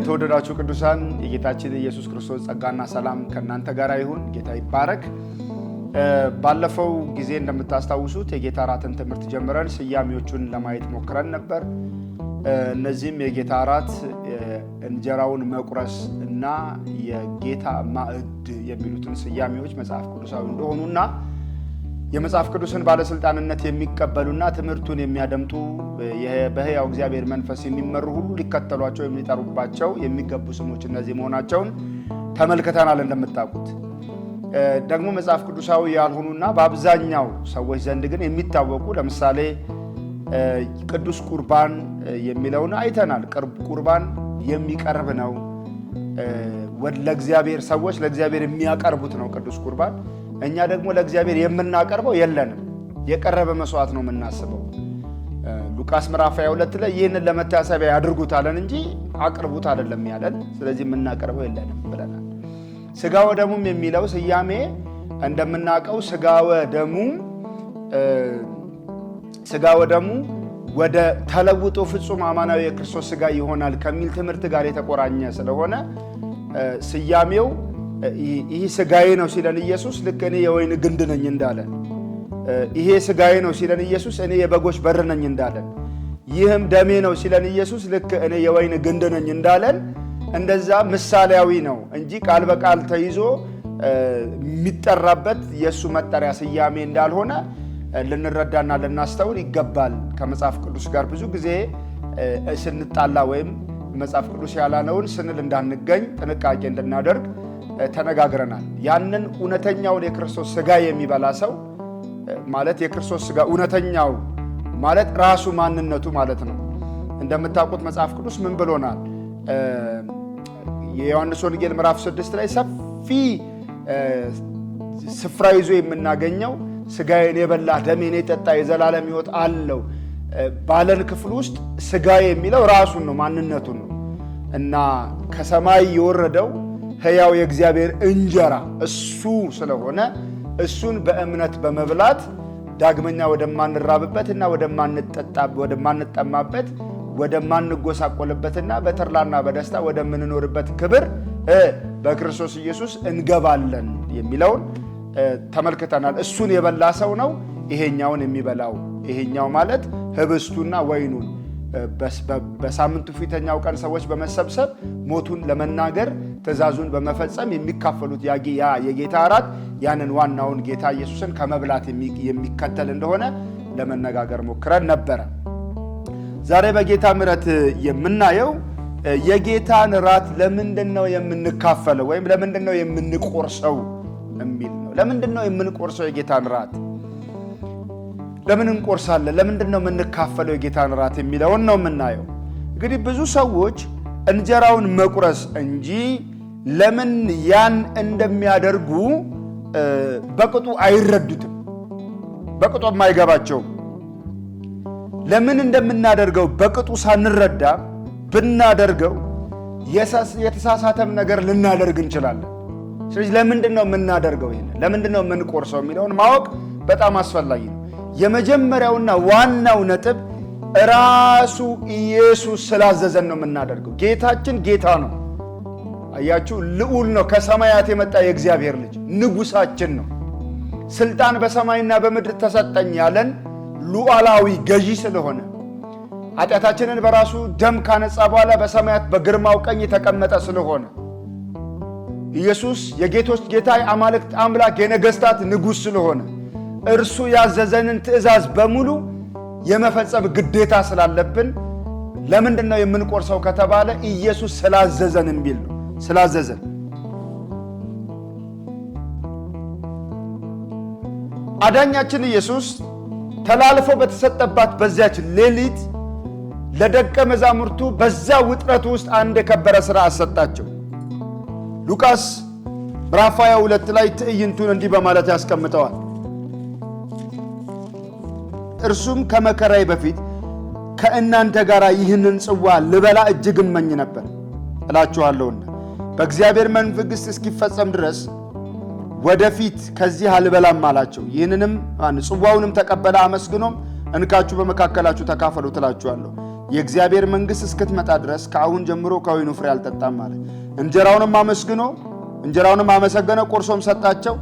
የተወደዳችሁ ቅዱሳን የጌታችን ኢየሱስ ክርስቶስ ጸጋና ሰላም ከእናንተ ጋር ይሁን። ጌታ ይባረክ። ባለፈው ጊዜ እንደምታስታውሱት የጌታ እራትን ትምህርት ጀምረን ስያሜዎቹን ለማየት ሞክረን ነበር። እነዚህም የጌታ እራት እንጀራውን መቁረስ እና የጌታ ማዕድ የሚሉትን ስያሜዎች መጽሐፍ ቅዱሳዊ እንደሆኑና የመጽሐፍ ቅዱስን ባለስልጣንነት የሚቀበሉና ትምህርቱን የሚያደምጡ በሕያው እግዚአብሔር መንፈስ የሚመሩ ሁሉ ሊከተሏቸው የሚጠሩባቸው የሚገቡ ስሞች እነዚህ መሆናቸውን ተመልክተናል። እንደምታውቁት ደግሞ መጽሐፍ ቅዱሳዊ ያልሆኑና በአብዛኛው ሰዎች ዘንድ ግን የሚታወቁ ለምሳሌ ቅዱስ ቁርባን የሚለውን አይተናል። ቁርባን የሚቀርብ ነው፣ ለእግዚአብሔር ሰዎች ለእግዚአብሔር የሚያቀርቡት ነው ቅዱስ ቁርባን እኛ ደግሞ ለእግዚአብሔር የምናቀርበው የለንም። የቀረበ መስዋዕት ነው የምናስበው። ሉቃስ ምዕራፍ 22 ላይ ይህንን ለመታሰቢያ አድርጉት አለን እንጂ አቅርቡት አይደለም ያለን። ስለዚህ የምናቀርበው የለንም ብለናል። ስጋ ወደሙም የሚለው ስያሜ እንደምናውቀው ስጋ ወደሙ ስጋ ወደሙ ወደ ተለውጦ ፍጹም አማናዊ የክርስቶስ ስጋ ይሆናል ከሚል ትምህርት ጋር የተቆራኘ ስለሆነ ስያሜው ይህ ስጋዬ ነው ሲለን ኢየሱስ ልክ እኔ የወይን ግንድ ነኝ እንዳለ፣ ይሄ ስጋዬ ነው ሲለን ኢየሱስ እኔ የበጎች በር ነኝ እንዳለን፣ ይህም ደሜ ነው ሲለን ኢየሱስ ልክ እኔ የወይን ግንድ ነኝ እንዳለን፣ እንደዛ ምሳሌያዊ ነው እንጂ ቃል በቃል ተይዞ የሚጠራበት የእሱ መጠሪያ ስያሜ እንዳልሆነ ልንረዳና ልናስተውል ይገባል። ከመጽሐፍ ቅዱስ ጋር ብዙ ጊዜ ስንጣላ ወይም መጽሐፍ ቅዱስ ያላነውን ስንል እንዳንገኝ ጥንቃቄ እንድናደርግ ተነጋግረናል። ያንን እውነተኛውን የክርስቶስ ስጋ የሚበላ ሰው ማለት የክርስቶስ ስጋ እውነተኛው ማለት ራሱ ማንነቱ ማለት ነው። እንደምታውቁት መጽሐፍ ቅዱስ ምን ብሎናል? የዮሐንስ ወንጌል ምዕራፍ ስድስት ላይ ሰፊ ስፍራ ይዞ የምናገኘው ስጋዬን የበላ ደሜን የጠጣ የዘላለም ሕይወት አለው ባለን ክፍል ውስጥ ስጋ የሚለው ራሱን ነው ማንነቱን ነው እና ከሰማይ የወረደው ሕያው የእግዚአብሔር እንጀራ እሱ ስለሆነ እሱን በእምነት በመብላት ዳግመኛ ወደማንራብበትና ወደማንጠማበት ወደማንጎሳቆልበትና በተርላና በደስታ ወደምንኖርበት ክብር በክርስቶስ ኢየሱስ እንገባለን የሚለውን ተመልክተናል። እሱን የበላ ሰው ነው ይሄኛውን የሚበላው። ይሄኛው ማለት ህብስቱና ወይኑን በሳምንቱ ፊተኛው ቀን ሰዎች በመሰብሰብ ሞቱን ለመናገር ትእዛዙን በመፈጸም የሚካፈሉት ያ የጌታ እራት ያንን ዋናውን ጌታ ኢየሱስን ከመብላት የሚከተል እንደሆነ ለመነጋገር ሞክረን ነበረ። ዛሬ በጌታ ምሕረት የምናየው የጌታን እራት ለምንድን ነው የምንካፈለው ወይም ለምንድን ነው የምንቆርሰው የሚል ነው። ለምንድን ነው የምንቆርሰው የጌታን እራት? ለምን እንቆርሳለን? ለምንድን ነው የምንካፈለው የጌታን ራት የሚለውን ነው የምናየው። እንግዲህ ብዙ ሰዎች እንጀራውን መቁረስ እንጂ ለምን ያን እንደሚያደርጉ በቅጡ አይረዱትም፣ በቅጡ የማይገባቸው ለምን እንደምናደርገው በቅጡ ሳንረዳ ብናደርገው የተሳሳተም ነገር ልናደርግ እንችላለን። ስለዚህ ለምንድን ነው የምናደርገው? ይሄንን ለምንድን ነው የምንቆርሰው የሚለውን ማወቅ በጣም አስፈላጊ ነው። የመጀመሪያውና ዋናው ነጥብ ራሱ ኢየሱስ ስላዘዘን ነው የምናደርገው። ጌታችን ጌታ ነው። አያችሁ፣ ልዑል ነው። ከሰማያት የመጣ የእግዚአብሔር ልጅ ንጉሳችን ነው። ስልጣን በሰማይና በምድር ተሰጠኝ ያለን ሉዓላዊ ገዢ ስለሆነ ኃጢአታችንን በራሱ ደም ካነጻ በኋላ በሰማያት በግርማው ቀኝ የተቀመጠ ስለሆነ ኢየሱስ የጌቶች ጌታ፣ የአማልክት አምላክ፣ የነገሥታት ንጉሥ ስለሆነ እርሱ ያዘዘንን ትእዛዝ በሙሉ የመፈጸም ግዴታ ስላለብን ለምንድን ነው የምንቆርሰው ከተባለ ኢየሱስ ስላዘዘን የሚል ነው። ስላዘዘን አዳኛችን ኢየሱስ ተላልፎ በተሰጠባት በዚያች ሌሊት ለደቀ መዛሙርቱ በዛ ውጥረት ውስጥ አንድ የከበረ ሥራ አሰጣቸው። ሉቃስ ምዕራፍ 22 ላይ ትዕይንቱን እንዲህ በማለት ያስቀምጠዋል። እርሱም ከመከራዬ በፊት ከእናንተ ጋር ይህንን ጽዋ ልበላ እጅግ እመኝ ነበር እላችኋለሁና በእግዚአብሔር መንግሥት እስኪፈጸም ድረስ ወደፊት ከዚህ አልበላም አላቸው። ይህንንም ጽዋውንም ተቀበለ፣ አመስግኖም እንካችሁ በመካከላችሁ ተካፈሉ ትላችኋለሁ። የእግዚአብሔር መንግሥት እስክትመጣ ድረስ ከአሁን ጀምሮ ከወይኑ ፍሬ አልጠጣም አለ። እንጀራውንም አመስግኖ እንጀራውንም አመሰገነ፣ ቆርሶም ሰጣቸው።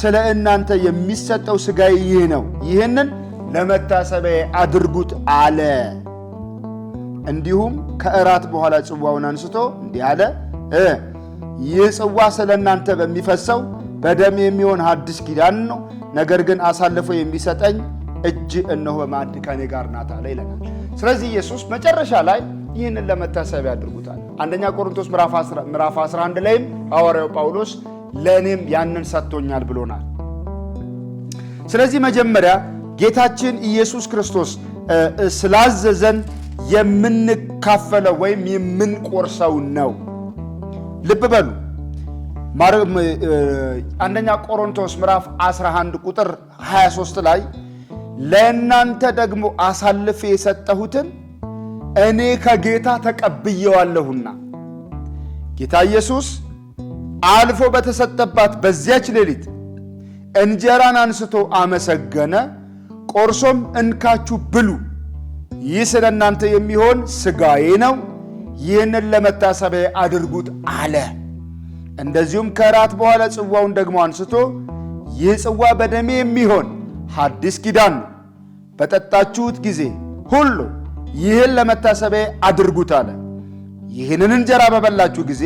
ስለ እናንተ የሚሰጠው ሥጋዬ ይህ ነው፣ ይህንን ለመታሰቢያ አድርጉት አለ። እንዲሁም ከእራት በኋላ ጽዋውን አንስቶ እንዲህ አለ፣ ይህ ጽዋ ስለ እናንተ በሚፈሰው በደም የሚሆን አዲስ ኪዳን ነው። ነገር ግን አሳልፎ የሚሰጠኝ እጅ እነሆ በማዕድ ከኔ ጋር ናት አለ ይለናል። ስለዚህ ኢየሱስ መጨረሻ ላይ ይህንን ለመታሰቢያ ያድርጉታል። አንደኛ ቆሮንቶስ ምዕራፍ 11 ላይም ሐዋርያው ጳውሎስ ለእኔም ያንን ሰጥቶኛል ብሎናል። ስለዚህ መጀመሪያ ጌታችን ኢየሱስ ክርስቶስ ስላዘዘን የምንካፈለው ወይም የምንቆርሰው ነው። ልብ በሉ አንደኛ ቆሮንቶስ ምዕራፍ 11 ቁጥር 23 ላይ ለእናንተ ደግሞ አሳልፌ የሰጠሁትን እኔ ከጌታ ተቀብየዋለሁና ጌታ ኢየሱስ አልፎ በተሰጠባት በዚያች ሌሊት እንጀራን አንስቶ አመሰገነ። ቆርሶም እንካችሁ ብሉ፣ ይህ ስለ እናንተ የሚሆን ሥጋዬ ነው፣ ይህንን ለመታሰቢያ አድርጉት አለ። እንደዚሁም ከራት በኋላ ጽዋውን ደግሞ አንስቶ ይህ ጽዋ በደሜ የሚሆን ሐዲስ ኪዳን ነው፣ በጠጣችሁት ጊዜ ሁሉ ይህን ለመታሰቢያ አድርጉት አለ። ይህንን እንጀራ በበላችሁ ጊዜ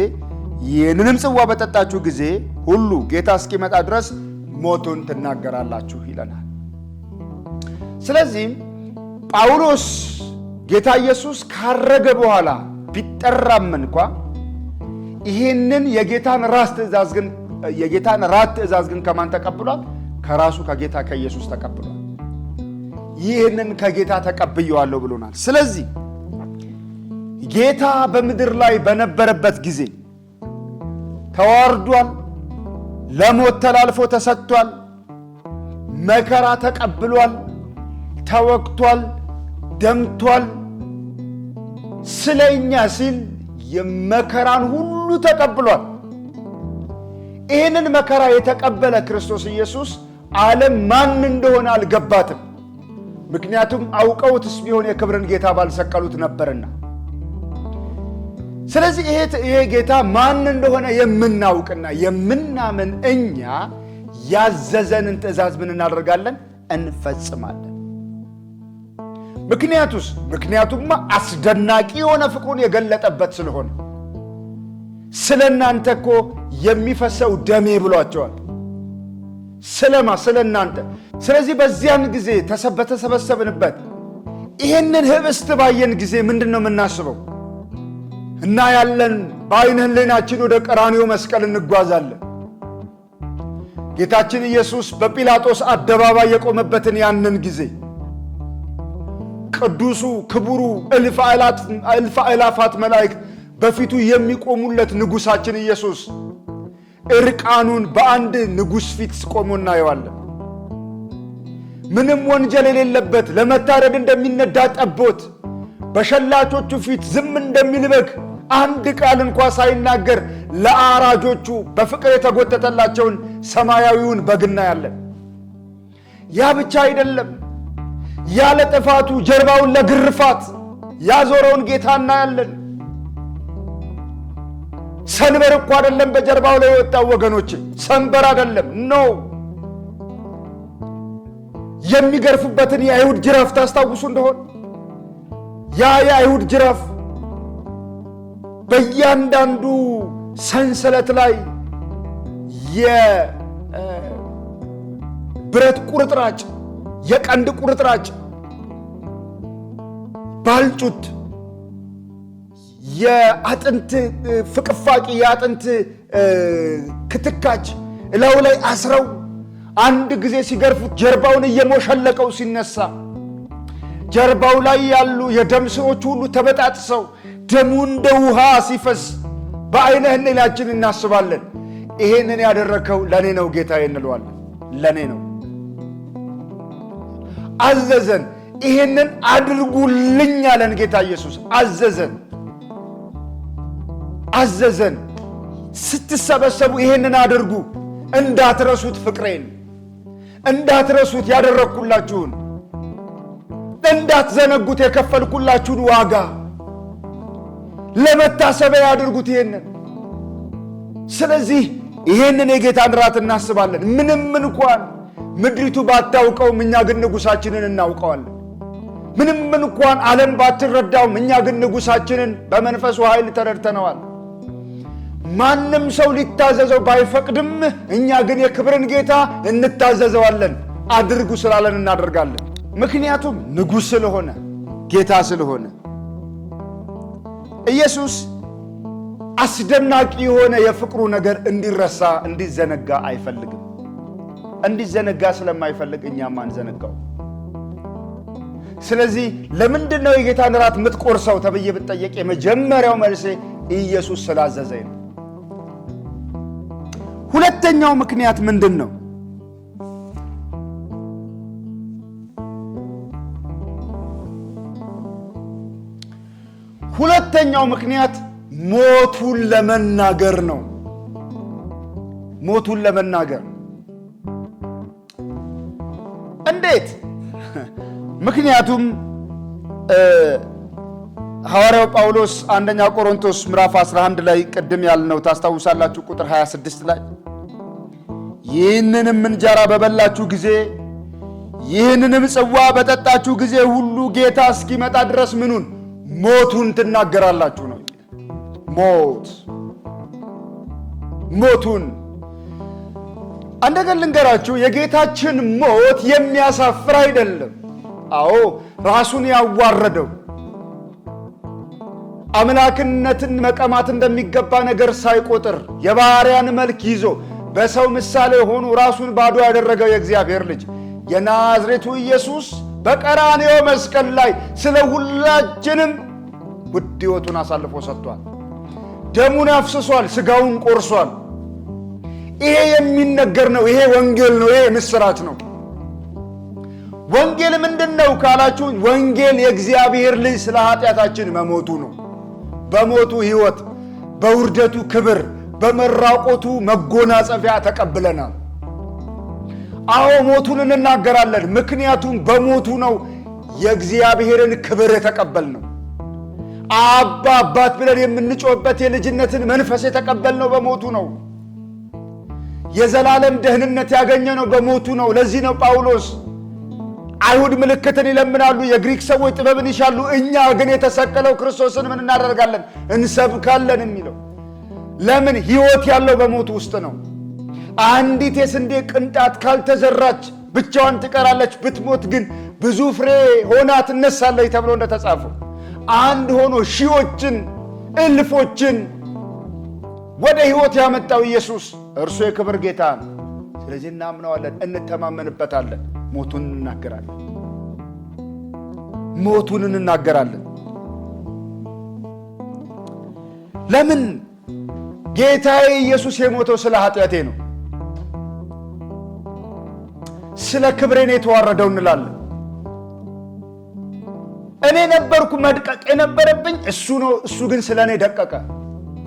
ይህንንም ጽዋ በጠጣችሁ ጊዜ ሁሉ ጌታ እስኪመጣ ድረስ ሞቱን ትናገራላችሁ ይለናል። ስለዚህም ጳውሎስ ጌታ ኢየሱስ ካረገ በኋላ ቢጠራም እንኳ ይህንን የጌታን ራስ ትእዛዝ ግን የጌታን ራት ትእዛዝ ግን ከማን ተቀብሏል? ከራሱ ከጌታ ከኢየሱስ ተቀብሏል። ይህንን ከጌታ ተቀብየዋለሁ ብሎናል። ስለዚህ ጌታ በምድር ላይ በነበረበት ጊዜ ተዋርዷል፣ ለሞት ተላልፎ ተሰጥቷል፣ መከራ ተቀብሏል። ተወቅቷል፣ ደምቷል። ስለ እኛ ሲል የመከራን ሁሉ ተቀብሏል። ይህንን መከራ የተቀበለ ክርስቶስ ኢየሱስ ዓለም ማን እንደሆነ አልገባትም። ምክንያቱም አውቀውትስ ቢሆን የክብርን ጌታ ባልሰቀሉት ነበርና። ስለዚህ ይሄ ጌታ ማን እንደሆነ የምናውቅና የምናምን እኛ ያዘዘንን ትእዛዝ ምን እናደርጋለን? እንፈጽማለን። ምክንያቱስ? ምክንያቱማ አስደናቂ የሆነ ፍቅሩን የገለጠበት ስለሆነ ስለ እናንተ እኮ የሚፈሰው ደሜ ብሏቸዋል። ስለማ ስለ እናንተ። ስለዚህ በዚያን ጊዜ በተሰበሰብንበት ይህንን ህብስት ባየን ጊዜ ምንድን ነው የምናስበው? እና ያለን በአይነ ህሌናችን ወደ ቀራኒዮ መስቀል እንጓዛለን። ጌታችን ኢየሱስ በጲላጦስ አደባባይ የቆመበትን ያንን ጊዜ ቅዱሱ ክቡሩ እልፍ አእላፋት መላእክት በፊቱ የሚቆሙለት ንጉሳችን ኢየሱስ እርቃኑን በአንድ ንጉሥ ፊት ቆሞ እናየዋለን። ምንም ወንጀል የሌለበት ለመታረድ እንደሚነዳ ጠቦት በሸላቾቹ ፊት ዝም እንደሚል በግ አንድ ቃል እንኳ ሳይናገር ለአራጆቹ በፍቅር የተጎተተላቸውን ሰማያዊውን በግ እናያለን። ያ ብቻ አይደለም። ያለ ጥፋቱ ጀርባውን ለግርፋት ያዞረውን ጌታ እናያለን። ሰንበር እኮ አይደለም በጀርባው ላይ የወጣው ወገኖች፣ ሰንበር አይደለም ነው። የሚገርፉበትን የአይሁድ ጅራፍ ታስታውሱ እንደሆን ያ የአይሁድ ጅራፍ በእያንዳንዱ ሰንሰለት ላይ የብረት ቁርጥራጭ የቀንድ ቁርጥራጭ፣ ባልጩት፣ የአጥንት ፍቅፋቂ፣ የአጥንት ክትካች እላዩ ላይ አስረው አንድ ጊዜ ሲገርፉት ጀርባውን እየሞሸለቀው ሲነሳ ጀርባው ላይ ያሉ የደም ስሮች ሁሉ ተበጣጥሰው ደሙ እንደ ውሃ ሲፈስ በአይነ ሕሊናችን እናስባለን። ይሄንን ያደረከው ለእኔ ነው ጌታዬ እንለዋለን። ለእኔ ነው አዘዘን። ይህንን አድርጉልኝ አለን ጌታ ኢየሱስ አዘዘን አዘዘን። ስትሰበሰቡ ይህንን አድርጉ፣ እንዳትረሱት ፍቅሬን፣ እንዳትረሱት ያደረግኩላችሁን፣ እንዳትዘነጉት የከፈልኩላችሁን ዋጋ ለመታሰቢያ ያድርጉት ይሄንን። ስለዚህ ይሄንን የጌታን ራት እናስባለን ምንም እንኳን ምድሪቱ ባታውቀውም እኛ ግን ንጉሳችንን እናውቀዋለን። ምንም እንኳን ዓለም ባትረዳውም እኛ ግን ንጉሳችንን በመንፈሱ ኃይል ተረድተነዋል። ማንም ሰው ሊታዘዘው ባይፈቅድም እኛ ግን የክብርን ጌታ እንታዘዘዋለን። አድርጉ ስላለን እናደርጋለን። ምክንያቱም ንጉሥ ስለሆነ፣ ጌታ ስለሆነ። ኢየሱስ አስደናቂ የሆነ የፍቅሩ ነገር እንዲረሳ እንዲዘነጋ አይፈልግም። እንዲዘነጋ ስለማይፈልግ እኛም አንዘነጋው። ስለዚህ ለምንድን ነው የጌታን እራት የምትቆርሰው ተብዬ ብጠየቅ የመጀመሪያው መልሴ ኢየሱስ ስላዘዘኝ ነው። ሁለተኛው ምክንያት ምንድን ነው? ሁለተኛው ምክንያት ሞቱን ለመናገር ነው። ሞቱን ለመናገር እንዴት? ምክንያቱም ሐዋርያው ጳውሎስ አንደኛ ቆሮንቶስ ምዕራፍ 11 ላይ ቅድም ያልነው ታስታውሳላችሁ፣ ቁጥር 26 ላይ ይህንንም እንጀራ በበላችሁ ጊዜ ይህንንም ጽዋ በጠጣችሁ ጊዜ ሁሉ ጌታ እስኪመጣ ድረስ ምኑን ሞቱን ትናገራላችሁ ነው። ሞት ሞቱን አንድ ነገር ልንገራችሁ፣ የጌታችን ሞት የሚያሳፍር አይደለም። አዎ ራሱን ያዋረደው አምላክነትን መቀማት እንደሚገባ ነገር ሳይቆጥር የባሪያን መልክ ይዞ በሰው ምሳሌ ሆኖ ራሱን ባዶ ያደረገው የእግዚአብሔር ልጅ የናዝሬቱ ኢየሱስ በቀራንዮ መስቀል ላይ ስለ ሁላችንም ውድ ሕይወቱን አሳልፎ ሰጥቷል። ደሙን አፍስሷል። ሥጋውን ቆርሷል። ይሄ የሚነገር ነው። ይሄ ወንጌል ነው። ይሄ ምስራት ነው። ወንጌል ምንድን ነው ካላችሁ፣ ወንጌል የእግዚአብሔር ልጅ ስለ ኃጢአታችን መሞቱ ነው። በሞቱ ሕይወት፣ በውርደቱ ክብር፣ በመራቆቱ መጎናጸፊያ ተቀብለናል። አዎ ሞቱን እንናገራለን። ምክንያቱም በሞቱ ነው የእግዚአብሔርን ክብር የተቀበልነው። አባ አባት ብለን የምንጮህበት የልጅነትን መንፈስ የተቀበልነው በሞቱ ነው። የዘላለም ደህንነት ያገኘ ነው በሞቱ ነው። ለዚህ ነው ጳውሎስ አይሁድ ምልክትን ይለምናሉ፣ የግሪክ ሰዎች ጥበብን ይሻሉ፣ እኛ ግን የተሰቀለው ክርስቶስን ምን እናደርጋለን? እንሰብካለን የሚለው ለምን? ሕይወት ያለው በሞቱ ውስጥ ነው። አንዲት የስንዴ ቅንጣት ካልተዘራች ብቻዋን ትቀራለች፣ ብትሞት ግን ብዙ ፍሬ ሆና ትነሳለች ተብሎ እንደተጻፈው አንድ ሆኖ ሺዎችን እልፎችን ወደ ሕይወት ያመጣው ኢየሱስ እርሱ የክብር ጌታ ነው። ስለዚህ እናምነዋለን፣ እንተማመንበታለን። ሞቱን እንናገራለን፣ ሞቱን እንናገራለን። ለምን ጌታዬ ኢየሱስ የሞተው ስለ ኃጢአቴ ነው፣ ስለ ክብሬን የተዋረደው እንላለን። እኔ ነበርኩ መድቀቅ የነበረብኝ እሱ ነው። እሱ ግን ስለ እኔ ደቀቀ።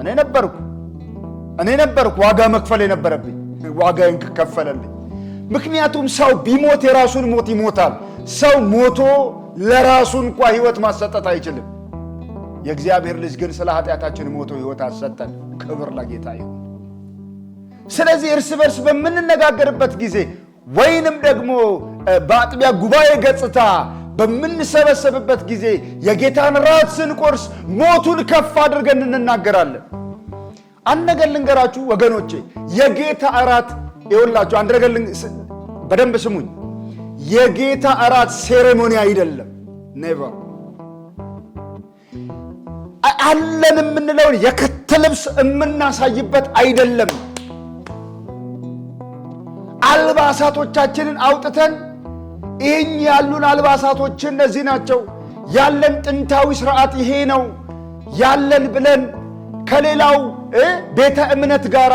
እኔ ነበርኩ እኔ ነበርኩ ዋጋ መክፈል የነበረብኝ፣ ዋጋ ከከፈለልኝ። ምክንያቱም ሰው ቢሞት የራሱን ሞት ይሞታል። ሰው ሞቶ ለራሱ እንኳ ህይወት ማሰጠት አይችልም። የእግዚአብሔር ልጅ ግን ስለ ኃጢአታችን ሞቶ ህይወት አሰጠን። ክብር ለጌታ ይሁን። ስለዚህ እርስ በርስ በምንነጋገርበት ጊዜ ወይንም ደግሞ በአጥቢያ ጉባኤ ገጽታ በምንሰበሰብበት ጊዜ የጌታን ራት ስንቆርስ ሞቱን ከፍ አድርገን እንናገራለን። አንድ ነገር ልንገራችሁ ወገኖቼ፣ የጌታ እራት ይውላችሁ። አንድ ነገር በደንብ ስሙኝ። የጌታ እራት ሴሬሞኒ አይደለም። ኔቨር አለን የምንለውን የክት ልብስ የምናሳይበት አይደለም። አልባሳቶቻችንን አውጥተን ይህኝ ያሉን አልባሳቶች እነዚህ ናቸው፣ ያለን ጥንታዊ ስርዓት ይሄ ነው ያለን ብለን ከሌላው ቤተ እምነት ጋር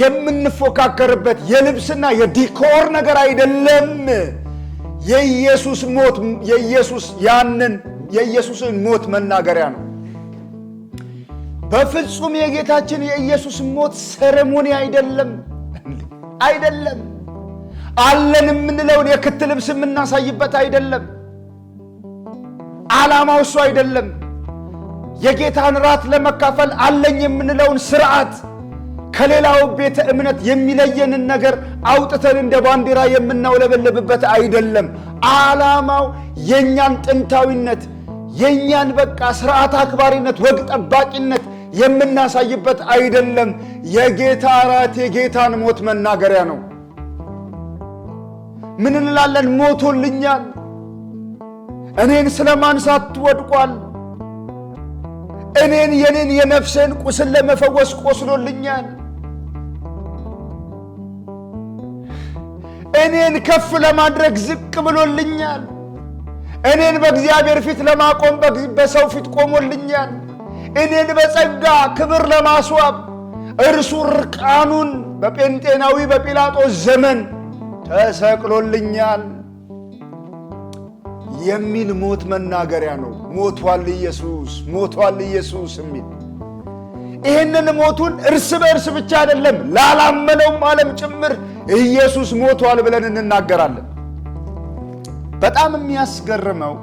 የምንፎካከርበት የልብስና የዲኮር ነገር አይደለም። የኢየሱስ ሞት የኢየሱስ ያንን የኢየሱስን ሞት መናገሪያ ነው። በፍጹም የጌታችን የኢየሱስ ሞት ሴሬሞኒ አይደለም አይደለም። አለን የምንለውን የክት ልብስ የምናሳይበት አይደለም። ዓላማው እሱ አይደለም። የጌታን ራት ለመካፈል አለኝ የምንለውን ስርዓት ከሌላው ቤተ እምነት የሚለየንን ነገር አውጥተን እንደ ባንዲራ የምናውለበለብበት አይደለም። ዓላማው የእኛን ጥንታዊነት የእኛን በቃ ስርዓት አክባሪነት፣ ወግ ጠባቂነት የምናሳይበት አይደለም። የጌታ ራት የጌታን ሞት መናገሪያ ነው። ምን እንላለን? ሞቶልኛል፣ እኔን ስለማንሳት ወድቋል እኔን የኔን የነፍሴን ቁስል ለመፈወስ ቆስሎልኛል። እኔን ከፍ ለማድረግ ዝቅ ብሎልኛል። እኔን በእግዚአብሔር ፊት ለማቆም በሰው ፊት ቆሞልኛል። እኔን በጸጋ ክብር ለማስዋብ እርሱ እርቃኑን በጴንጤናዊ በጲላጦስ ዘመን ተሰቅሎልኛል። የሚል ሞት መናገሪያ ነው። ሞቷል ኢየሱስ፣ ሞቷል ኢየሱስ የሚል ይህንን ሞቱን እርስ በእርስ ብቻ አይደለም ላላመነውም ዓለም ጭምር ኢየሱስ ሞቷል ብለን እንናገራለን። በጣም የሚያስገርመው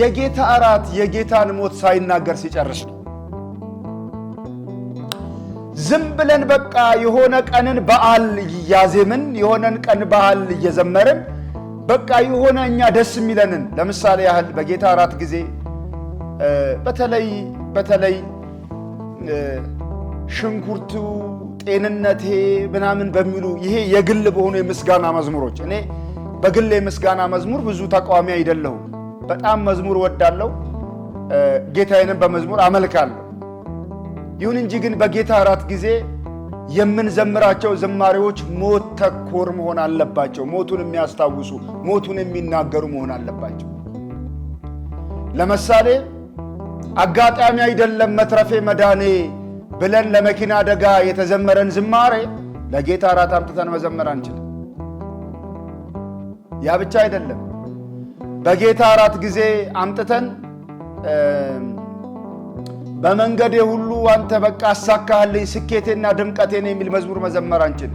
የጌታ እራት የጌታን ሞት ሳይናገር ሲጨርስ ነው። ዝም ብለን በቃ የሆነ ቀንን በዓል እያዜምን የሆነን ቀን በዓል እየዘመርን በቃ የሆነ እኛ ደስ የሚለንን ለምሳሌ ያህል በጌታ አራት ጊዜ በተለይ በተለይ ሽንኩርቱ ጤንነቴ ምናምን በሚሉ ይሄ የግል በሆኑ የምስጋና መዝሙሮች እኔ በግል የምስጋና መዝሙር ብዙ ተቃዋሚ አይደለሁም። በጣም መዝሙር ወዳለው ጌታዬንም በመዝሙር አመልካለሁ። ይሁን እንጂ ግን በጌታ አራት ጊዜ የምንዘምራቸው ዝማሬዎች ሞት ተኮር መሆን አለባቸው። ሞቱን የሚያስታውሱ ሞቱን የሚናገሩ መሆን አለባቸው። ለምሳሌ አጋጣሚ አይደለም መትረፌ መዳኔ ብለን ለመኪና አደጋ የተዘመረን ዝማሬ ለጌታ እራት አምጥተን መዘመር አንችልም። ያ ብቻ አይደለም። በጌታ እራት ጊዜ አምጥተን በመንገዴ ሁሉ አንተ በቃ አሳካህልኝ ስኬቴና ድምቀቴን የሚል መዝሙር መዘመር አንችል።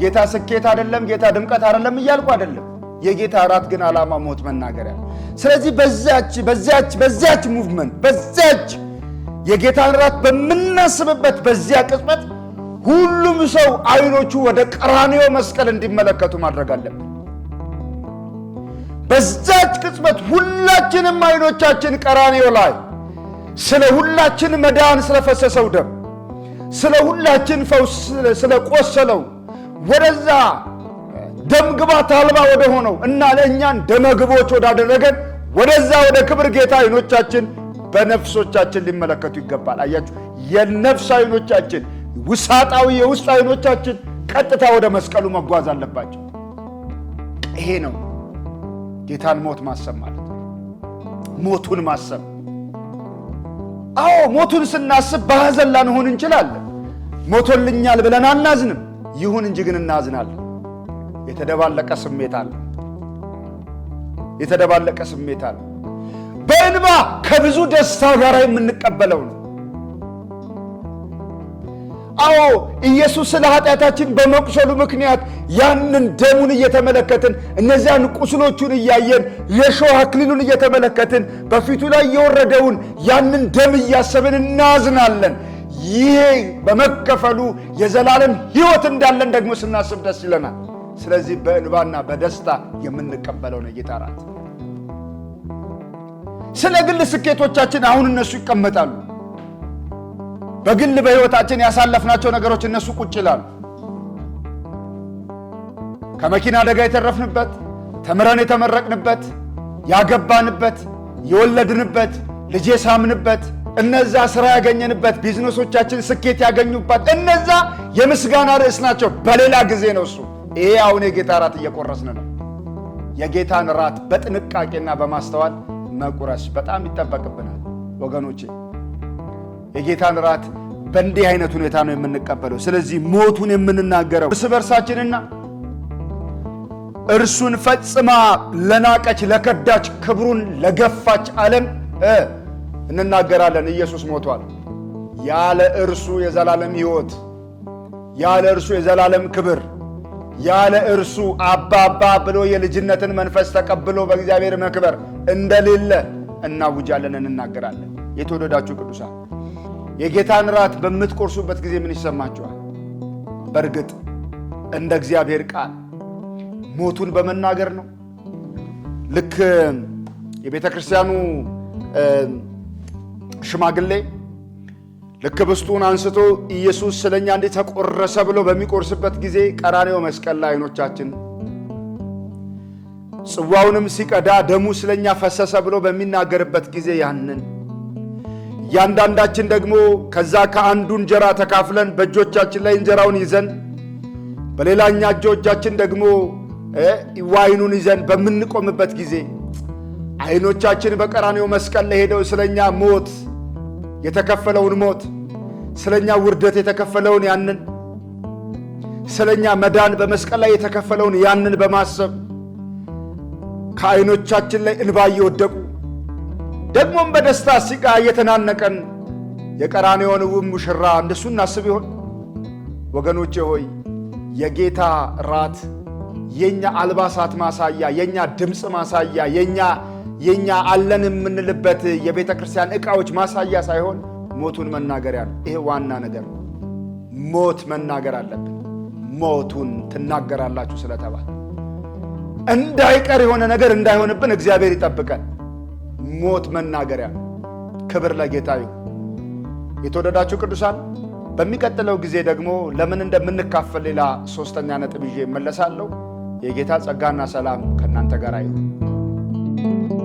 ጌታ ስኬት አይደለም፣ ጌታ ድምቀት አይደለም እያልኩ አይደለም። የጌታ እራት ግን ዓላማ ሞት መናገሪያ። ስለዚህ በዚያች በዚያች በዚያች ሙቭመንት በዚያች የጌታን እራት በምናስብበት በዚያ ቅጽበት ሁሉም ሰው አይኖቹ ወደ ቀራንዮ መስቀል እንዲመለከቱ ማድረግ አለብን። በዛች ቅጽበት ሁላችንም አይኖቻችን ቀራንዮ ላይ ስለ ሁላችን መዳን ስለፈሰሰው ደም፣ ስለ ሁላችን ፈውስ ስለቆሰለው ወደዛ ደም ግባት አልባ ወደ ሆነው እና ለእኛን ግቦች ወዳደረገን ወደዛ ወደ ክብር ጌታ አይኖቻችን በነፍሶቻችን ሊመለከቱ ይገባል። አያችሁ፣ የነፍስ አይኖቻችን ውሳጣዊ የውስጥ አይኖቻችን ቀጥታ ወደ መስቀሉ መጓዝ አለባቸው። ይሄ ነው ጌታን ሞት ማሰብ ማለት፣ ሞቱን ማሰብ አዎ ሞቱን ስናስብ በሐዘን ላንሆን እንችላለን። ሞቶልኛል ብለን አናዝንም። ይሁን እንጂ ግን እናዝናለን። የተደባለቀ ስሜት አለ። የተደባለቀ ስሜት አለ። በእንባ ከብዙ ደስታ ጋር የምንቀበለው ነው። አዎ ኢየሱስ ስለ ኃጢአታችን በመቁሰሉ ምክንያት ያንን ደሙን እየተመለከትን እነዚያን ቁስሎቹን እያየን የሾህ አክሊሉን እየተመለከትን በፊቱ ላይ የወረደውን ያንን ደም እያሰብን እናዝናለን። ይሄ በመከፈሉ የዘላለም ሕይወት እንዳለን ደግሞ ስናስብ ደስ ይለናል። ስለዚህ በእንባና በደስታ የምንቀበለው ነው ጌታ እራት። ስለ ግል ስኬቶቻችን አሁን እነሱ ይቀመጣሉ። በግል በህይወታችን ያሳለፍናቸው ነገሮች እነሱ ቁጭ ይላሉ። ከመኪና አደጋ የተረፍንበት፣ ተምረን የተመረቅንበት፣ ያገባንበት፣ የወለድንበት፣ ልጅ የሳምንበት፣ እነዛ ስራ ያገኘንበት፣ ቢዝነሶቻችን ስኬት ያገኙባት፣ እነዛ የምስጋና ርዕስ ናቸው። በሌላ ጊዜ ነው እሱ። ይሄ አሁን የጌታ ራት እየቆረስን ነው። የጌታን ራት በጥንቃቄና በማስተዋል መቁረስ በጣም ይጠበቅብናል ወገኖቼ። የጌታን ራት በእንዲህ አይነት ሁኔታ ነው የምንቀበለው። ስለዚህ ሞቱን የምንናገረው እርስ በርሳችንና እርሱን ፈጽማ ለናቀች ለከዳች ክብሩን ለገፋች ዓለም እንናገራለን። ኢየሱስ ሞቷል። ያለ እርሱ የዘላለም ሕይወት፣ ያለ እርሱ የዘላለም ክብር፣ ያለ እርሱ አባባ ብሎ የልጅነትን መንፈስ ተቀብሎ በእግዚአብሔር መክበር እንደሌለ እናውጃለን፣ እንናገራለን። የተወደዳችሁ ቅዱሳን የጌታን ራት በምትቆርሱበት ጊዜ ምን ይሰማችኋል? በእርግጥ እንደ እግዚአብሔር ቃል ሞቱን በመናገር ነው። ልክ የቤተ ክርስቲያኑ ሽማግሌ ልክ ብስጡን አንስቶ ኢየሱስ ስለ እኛ እንዴት ተቆረሰ ብሎ በሚቆርስበት ጊዜ ቀራኔው መስቀል ላይ አይኖቻችን፣ ጽዋውንም ሲቀዳ ደሙ ስለ እኛ ፈሰሰ ብሎ በሚናገርበት ጊዜ ያንን እያንዳንዳችን ደግሞ ከዛ ከአንዱ እንጀራ ተካፍለን በእጆቻችን ላይ እንጀራውን ይዘን በሌላኛ እጆቻችን ደግሞ ዋይኑን ይዘን በምንቆምበት ጊዜ አይኖቻችን በቀራኔው መስቀል ለሄደው ሄደው ስለኛ ሞት የተከፈለውን ሞት ስለኛ ውርደት የተከፈለውን ያንን ስለኛ መዳን በመስቀል ላይ የተከፈለውን ያንን በማሰብ ከአይኖቻችን ላይ እንባ እየወደቁ ደግሞም በደስታ ሲቃ እየተናነቀን የቀራኔውን ውብ ሙሽራ እንደሱ እናስብ ይሆን? ወገኖቼ ሆይ የጌታ ራት የኛ አልባሳት ማሳያ፣ የኛ ድምፅ ማሳያ፣ የኛ የኛ አለን የምንልበት የቤተ ክርስቲያን ዕቃዎች ማሳያ ሳይሆን ሞቱን መናገሪያ ነው። ይሄ ዋና ነገር ነው። ሞት መናገር አለብን። ሞቱን ትናገራላችሁ ስለተባለ እንዳይቀር የሆነ ነገር እንዳይሆንብን እግዚአብሔር ይጠብቀን። ሞት መናገሪያ። ክብር ለጌታ ይሁን። የተወደዳችሁ ቅዱሳን፣ በሚቀጥለው ጊዜ ደግሞ ለምን እንደምንካፈል ሌላ ሶስተኛ ነጥብ ይዤ እመለሳለሁ። የጌታ ጸጋና ሰላም ከእናንተ ጋር ይሁን።